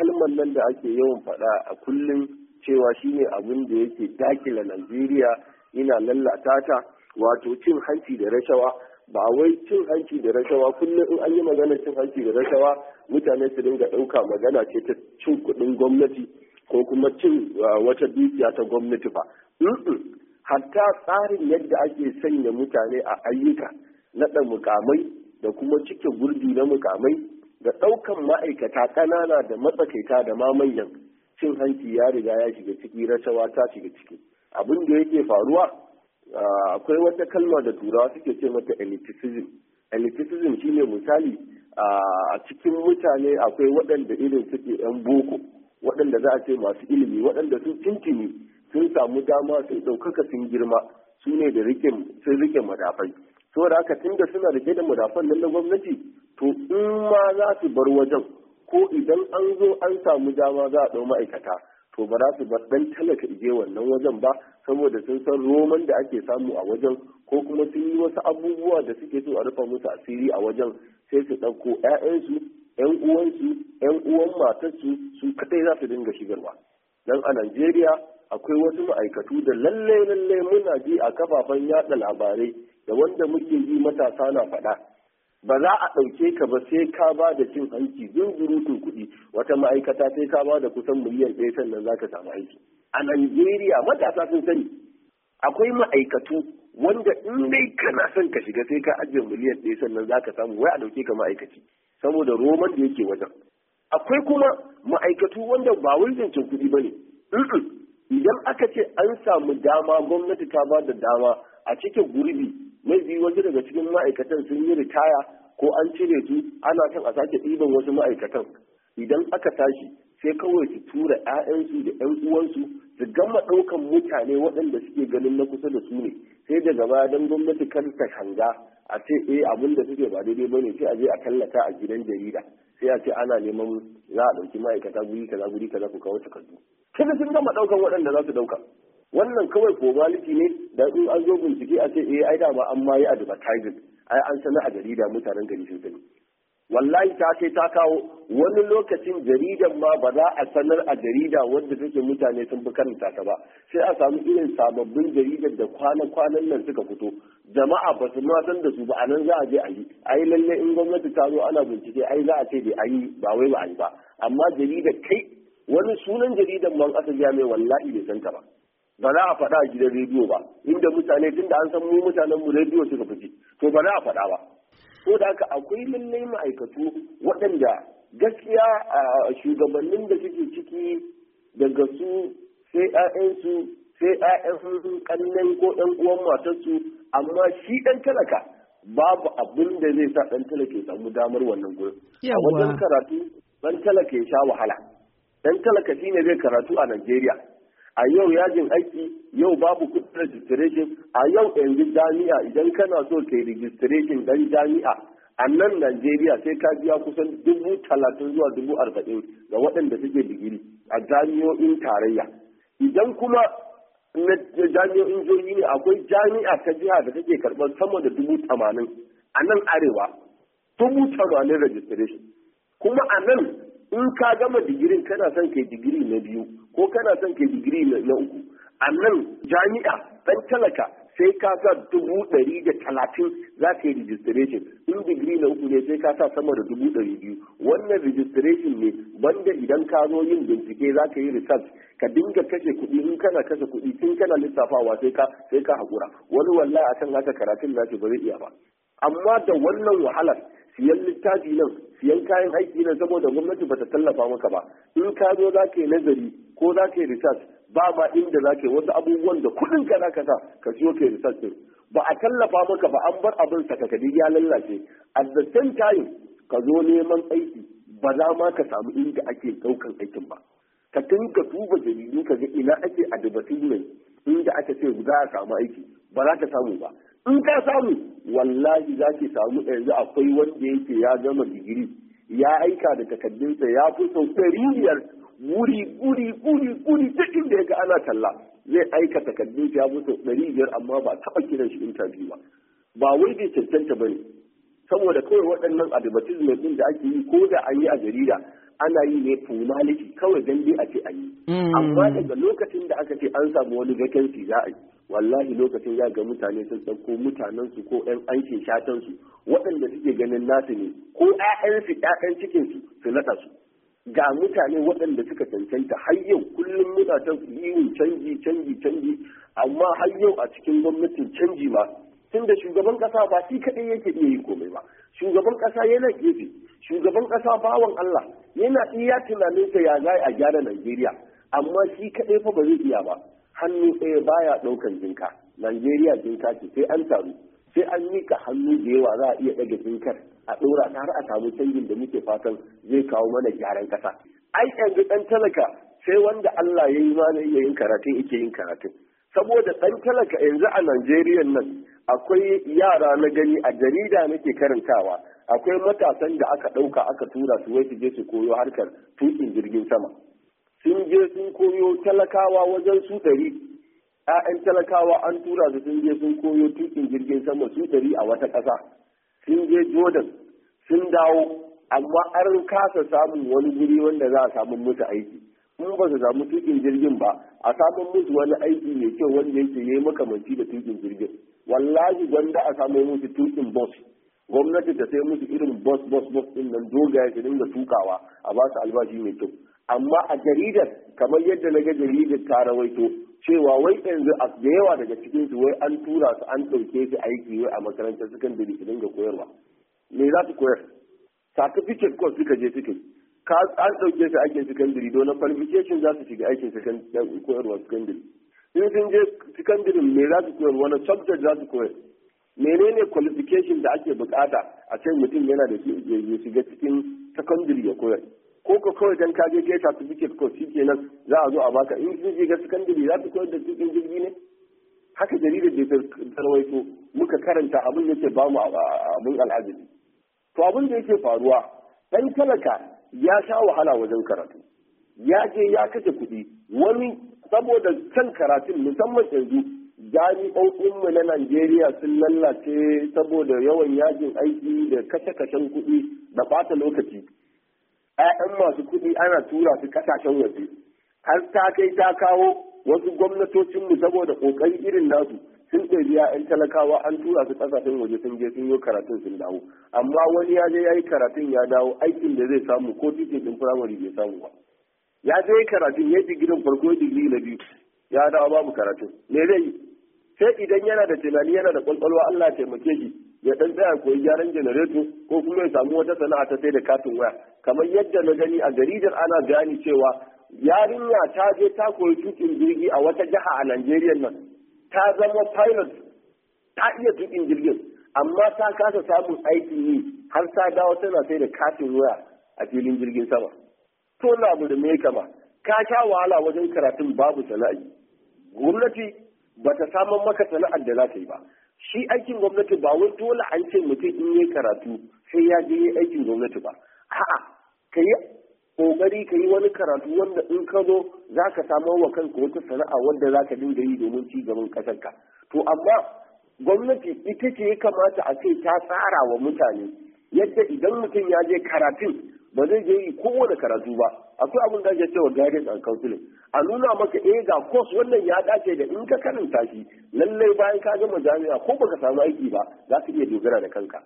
kalmar nan da ake yawan faɗa a kullum cewa shine abin da yake dakila Najeriya yana lallata ta wato cin hanci da rashawa ba wai cin hanci da rashawa kullum in an yi magana cin hanci da rashawa mutane su dinga ɗauka magana ce ta cin kuɗin gwamnati ko kuma cin ah, wata dukiya ta gwamnati ba hatta tsarin yadda ake sanya mutane a ayyuka naɗa mukamai da kuma cike gurbi na mukamai Da ɗaukan ma'aikata ƙanana da matsakaita da ma manyan cin hanci ya riga ya shiga ciki rashawa ta shiga ciki abin da yake faruwa akwai wata kalma da turawa suke ce mata elitism elitism shine misali a cikin mutane akwai waɗanda irin suke yan boko waɗanda za a ce masu ilimi waɗanda sun tintini sun samu dama sun ɗaukaka sun girma su ne da sun rike madafai saboda da aka da suna ke da mudafan nan na gwamnati to in ma za su bar wajen ko idan an zo an samu dama za a ɗau ma'aikata to ba za su bar ɗan talaka ije wannan wajen ba saboda sun san roman da ake samu a wajen ko kuma sun yi wasu abubuwa da suke so a rufa musu asiri a wajen sai su ɗauko 'ya'yansu 'yan uwansu 'yan uwan matarsu su kaɗai za su dinga shigarwa dan a Najeriya akwai wasu ma'aikatu da lallai lalle muna ji a kafafen yada labarai da wanda muke yi matasa na faɗa ba za a ɗauke ka ba sai ka ba da cin hanci zungurutun kuɗi wata ma'aikata sai ka ba da kusan miliyan ɗaya sannan za ka samu aiki a Najeriya matasa sun sani akwai ma'aikatu wanda in dai kana son ka shiga sai ka ajiye miliyan ɗaya sannan za ka samu wai a ɗauke ka ma'aikaci saboda roman da yake wajen akwai kuma ma'aikatu wanda ba wai zancen kuɗi ba ne idan aka ce an samu dama gwamnati ta ba da dama a cikin gurbi Mai biyu wasu daga cikin ma'aikatan sun yi ritaya ko an cire su ana son a sake ɗiban wasu ma'aikatan idan aka tashi sai kawai su tura 'ya'yansu da 'yan uwansu su gama ɗaukan mutane waɗanda suke ganin na kusa da su ne sai da gaba don gwamnati kar ta hanga a ce eh abin da suke ba daidai ba ne sai a je a tallata a gidan jarida sai a ce ana neman za a ɗauki ma'aikata guri kaza guri kaza ku kawo takardu kada sun gama ɗaukan waɗanda za su ɗauka wannan kawai formality ne da in an zo bincike a ce eh ai ba an ma yi advertising ai an sanar a jarida mutanen gari sun sani wallahi ta kai ta kawo wani lokacin jaridan ma ba za a sanar a jarida wanda take mutane sun fi karanta ta ba sai a samu irin sababbin jaridar da kwanan-kwanan nan suka fito jama'a ba su san da su ba a nan za a je a yi ai lalle in gwamnati ta zo ana bincike ai za a ce bai ayi ba wai ba a yi ba amma jaridar kai wani sunan jaridar man asali ya mai wallahi bai san ta ba ba za a faɗa a gidan rediyo ba inda mutane tun da an san mu mutanen mu rediyo suka fice to ba za a faɗa ba ko da haka akwai lallai ma'aikatu waɗanda gaskiya a shugabannin da suke ciki daga su sai 'ya'yansu sai 'ya'yan kannen ko ɗan uwan matarsu amma shi ɗan talaka babu abin da zai sa ɗan talaka ya samu damar wannan gurin a wajen karatu ɗan talaka ya sha wahala ɗan talaka shine zai karatu a Najeriya a yau yajin aiki yau babu kudin registration a yau yanzu jami'a idan kana so ka yi registration dan jami'a a nan najeriya sai ka biya kusan dubu talatin zuwa dubu arba'in ga waɗanda suke digiri a jami'o'in tarayya idan kuma na jami'o'in jirgi ne akwai jami'a ta jiha da take karɓar sama da dubu tamanin a nan arewa dubu tamanin registration kuma a nan in ka gama digirin kana son kai digiri na biyu ko kana son kai digiri na uku a nan jami'a ɗan talaka sai ka sa dubu ɗari da talatin za ka yi registration in digiri na uku ne sai ka sa sama da dubu ɗari biyu wannan registration ne banda idan ka zo yin bincike za ka yi research ka dinga kashe kuɗi in kana kashe kuɗi tun kana lissafawa sai ka sai ka haƙura wani wallahi kan haka karatun nashi ba zai iya ba amma da wannan wahalar siyan littafi nan siyan kayan aiki nan saboda gwamnati bata tallafa maka ba in ka zo za ka yi nazari ko za ka yi research ba ba inda za ka yi wasu abubuwan da kuɗin ka za ka sa ka siyo ka yi research din ba a tallafa maka ba an bar abin sakakadi ya lallace at the same time ka zo neman aiki ba za ma ka samu inda ake ɗaukan aikin ba ka tinka duba jaridu ka ga ina ake mai inda aka ce za a samu aiki ba za ka samu ba in ka samu wallahi za ki samu yanzu akwai wanda yake ya gama digiri ya aika da takaddunsa ya fi sau ɗari biyar wuri, wuri wuri guri duk inda ya ga ana talla zai aika takaddunsa ya fi sau ɗari biyar amma ba taɓa kiran shi intabi ba ba wai bai cancanta ba ne saboda kawai waɗannan advertisement ɗin da ake yi ko da an yi a jarida ana yi ne formality kawai dan dai a ce an yi mm. amma daga lokacin da aka ce an samu wani vacancy za a yi wallahi lokacin ya ga mutane sun ɗauko mutanensu ko ɗan aikin shatansu waɗanda suke ganin nasu ne ko ƴaƴan su cikinsu su naɗa nata su ga mutane waɗanda suka cancanta har yau kullum muna yi yiwu canji canji canji amma har yau a cikin gwamnatin canji ma tunda shugaban ƙasa ba shi kaɗai yake iya yi komai ba shugaban ƙasa yana gefe shugaban ƙasa bawan Allah yana iya tunaninsa ya za a gyara Najeriya amma shi kaɗai fa ba zai iya ba hannu ɗaya baya ɗaukan jinka najeriya jinka ce sai an taru sai an mika hannu da yawa za a iya ɗaga jinkar a ɗora ta har a samu canjin da muke fatan zai kawo mana gyaran ƙasa ai yanzu ɗan talaka sai wanda Allah ya yi mana iya yin karatun ike yin karatun saboda ɗan talaka yanzu a Najeriya nan akwai yara na gani a jarida nake karantawa akwai matasan da aka ɗauka aka tura su wai su je su koyo harkar tukin jirgin sama sun je sun koyo talakawa wajen su dari. ‘ya'yan talakawa an tura su sun je sun koyo tukin jirgin sama su dari a wata ƙasa sun je jordan sun dawo amma an kasa samun wani guri wanda za a samu musu aiki in ba su samu tukin jirgin ba a samun musu wani aiki mai kyau wanda yake yi makamanci da tukin jirgin wallahi gwanda a samu musu tukin bus gwamnati ta sai musu irin bus bus bus din nan dogaye su dinga tukawa a ba su albashi mai kyau amma a jaridar kamar yadda na ga jaridar ta rawaito cewa wai yanzu a da yawa daga cikin su wai an tura su an ɗauke su aiki wai a makarantar sakandare su dinga koyarwa me za su koyar certificate course suka je suka ka an ɗauke su aikin sakandare don qualification za su shiga aikin koyarwa sakandare in sun je sakandare me za su koyar wani subject za su koyar menene qualification da ake bukata a ce mutum yana da shi ya shiga cikin sakandare ya koyar ko ka kawai dan ka je kai certificate ko shi nan za a zo a baka in zai ga secondary za su koyar da cikin jirgi ne haka jaridar da ta rawaito muka karanta abin yake ba mu abin al'ajabi to abin da yake faruwa dan talaka ya sha wahala wajen karatu ya je ya kashe kuɗi wani saboda can karatun musamman yanzu mu na Najeriya sun lallace saboda yawan yajin aiki da kashe-kashen kuɗi da ɓata lokaci 'ya'yan masu kuɗi ana tura su kasashen waje har ta kai ta kawo wasu gwamnatocin mu saboda ƙoƙari irin nasu sun ɗari 'ya'yan talakawa an tura su kasashen waje sun je sun yi karatun sun dawo amma wani ya je ya yi karatun ya dawo aikin da zai samu ko titin ɗin firamare bai samu ba ya je karatun ya digirin farko digiri na biyu ya dawo babu karatun me zai yi sai idan yana da tunani yana da ƙwaƙwalwa Allah taimake shi ya dan tsaya koyi gyaran janareto ko kuma ya samu wata sana'a ta sai da katin waya kamar yadda na gani a jaridar ana gani cewa yarinya ta je ta koyi tukin jirgi a wata jiha a Najeriya nan ta zama pilot ta iya tukin jirgin amma ta kasa samun aikin yi har ta dawo tana sai da katin waya a filin jirgin sama to na abu da me kama ka sha wahala wajen karatun babu sana'i gwamnati ba ta samun maka sana'ar da za ta yi ba shi aikin gwamnati ba wai dole an ce mutum in yi karatu sai ya je aikin gwamnati ba a'a ka yi kokari ka yi wani karatu wanda in ka zo za ka samar wa kanka wata sana'a wanda za ka dinga yi domin ci gaban ƙasarka to amma gwamnati ita ce ya kamata a ce ta tsara wa mutane yadda idan mutum ya je karatun ba zai je yi da karatu ba akwai abin da ake cewa guidance and counseling a nuna maka eh ga course wannan ya dace da in ka karanta shi lallai bayan ka gama jami'a ko baka samu aiki ba za ka iya dogara da kanka